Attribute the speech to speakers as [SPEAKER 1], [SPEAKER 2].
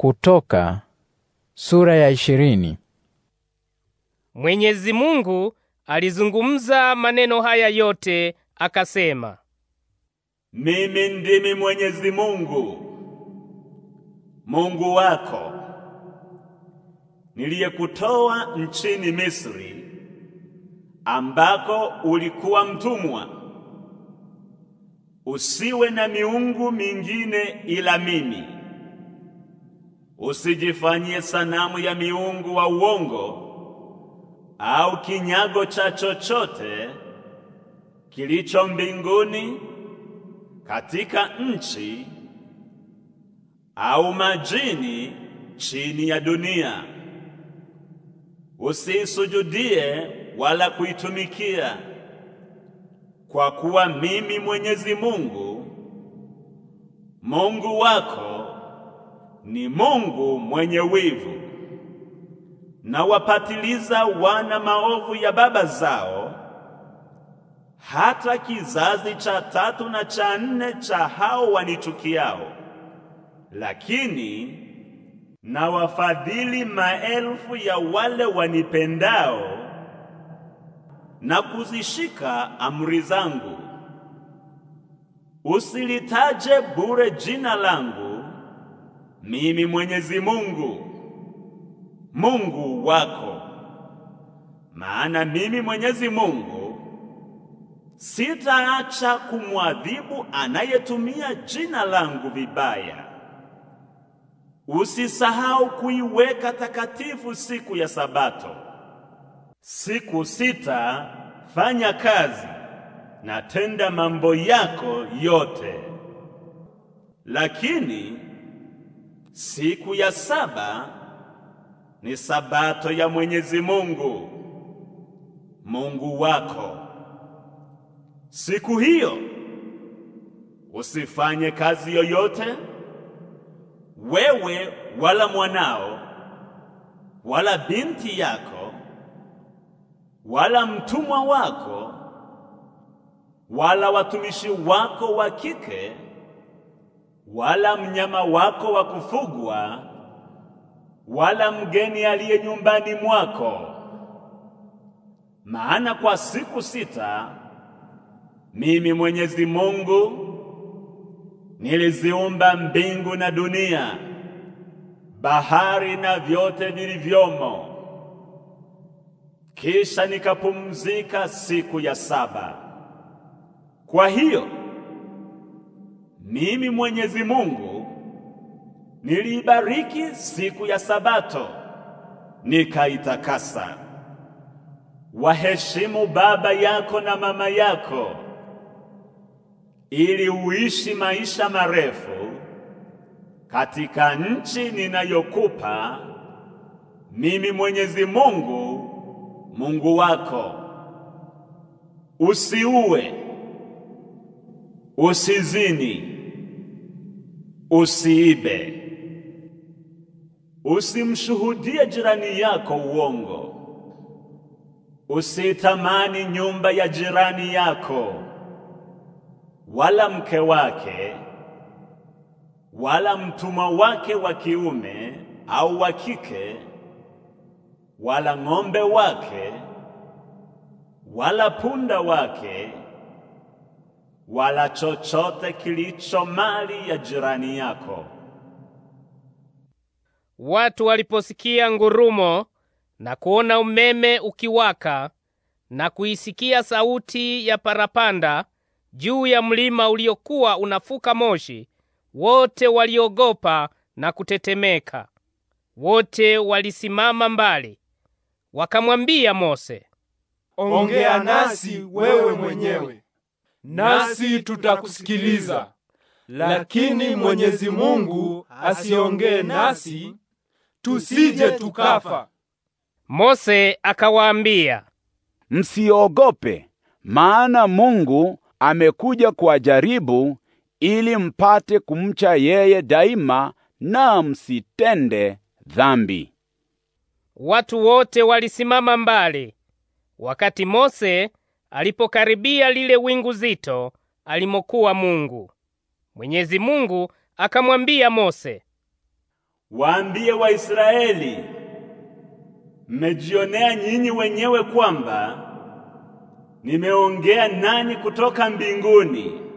[SPEAKER 1] Kutoka sura ya ishirini. Mwenyezi Mungu alizungumza maneno haya yote akasema,
[SPEAKER 2] mimi ndimi Mwenyezi Mungu Mungu wako niliyekutoa nchini Misri ambako ulikuwa mtumwa. Usiwe na miungu mingine ila mimi. Usijifanyie sanamu ya miungu wa uongo au kinyago cha chochote kilicho mbinguni, katika nchi au majini chini ya dunia. Usisujudie wala kuitumikia, kwa kuwa mimi Mwenyezi Mungu Mungu wako ni Mungu mwenye wivu na wapatiliza wana maovu ya baba zao, hata kizazi cha tatu na cha nne cha hao wanichukiao. Lakini na wafadhili maelfu ya wale wanipendao na kuzishika amri zangu. Usilitaje bure jina langu mimi Mwenyezi Mungu, Mungu wako, maana mimi Mwenyezi Mungu sitaacha kumwadhibu anayetumia jina langu vibaya. Usisahau kuiweka takatifu siku ya Sabato. Siku sita fanya kazi na tenda mambo yako yote, lakini Siku ya saba ni sabato ya Mwenyezi Mungu Mungu wako. Siku hiyo usifanye kazi yoyote, wewe wala mwanao wala binti yako wala mtumwa wako wala watumishi wako wa kike wala mnyama wako wa kufugwa wala mgeni aliye nyumbani mwako, maana kwa siku sita mimi Mwenyezi Mungu niliziumba mbingu na dunia, bahari na vyote vilivyomo, kisha nikapumzika siku ya saba. Kwa hiyo mimi Mwenyezi Mungu niliibariki siku ya Sabato nikaitakasa. Waheshimu baba yako na mama yako ili uishi maisha marefu katika nchi ninayokupa mimi Mwenyezi Mungu Mungu wako. Usiue, usizini Usiibe. Usimshuhudie jirani yako uongo. Usitamani nyumba ya jirani yako, wala mke wake, wala mtumwa wake wa kiume au wa kike, wala ng'ombe wake, wala punda wake wala chochote kilicho mali ya jirani yako.
[SPEAKER 1] Watu waliposikia ngurumo na kuona umeme ukiwaka na kuisikia sauti ya parapanda juu ya mlima uliokuwa unafuka moshi, wote waliogopa na kutetemeka. Wote walisimama mbali, wakamwambia Mose, ongea nasi wewe mwenyewe nasi tutakusikiliza. Lakini Mwenyezi Mungu asiongee nasi tusije tukafa. Mose akawaambia,
[SPEAKER 2] msiogope, maana Mungu amekuja kuwajaribu ili mpate kumcha yeye daima na msitende dhambi.
[SPEAKER 1] Watu wote walisimama mbali wakati Mose Alipokaribia lile wingu zito alimokuwa Mungu, Mwenyezi Mungu akamwambia Mose,
[SPEAKER 2] waambie Waisraeli, mmejionea nyinyi wenyewe kwamba nimeongea nanyi kutoka mbinguni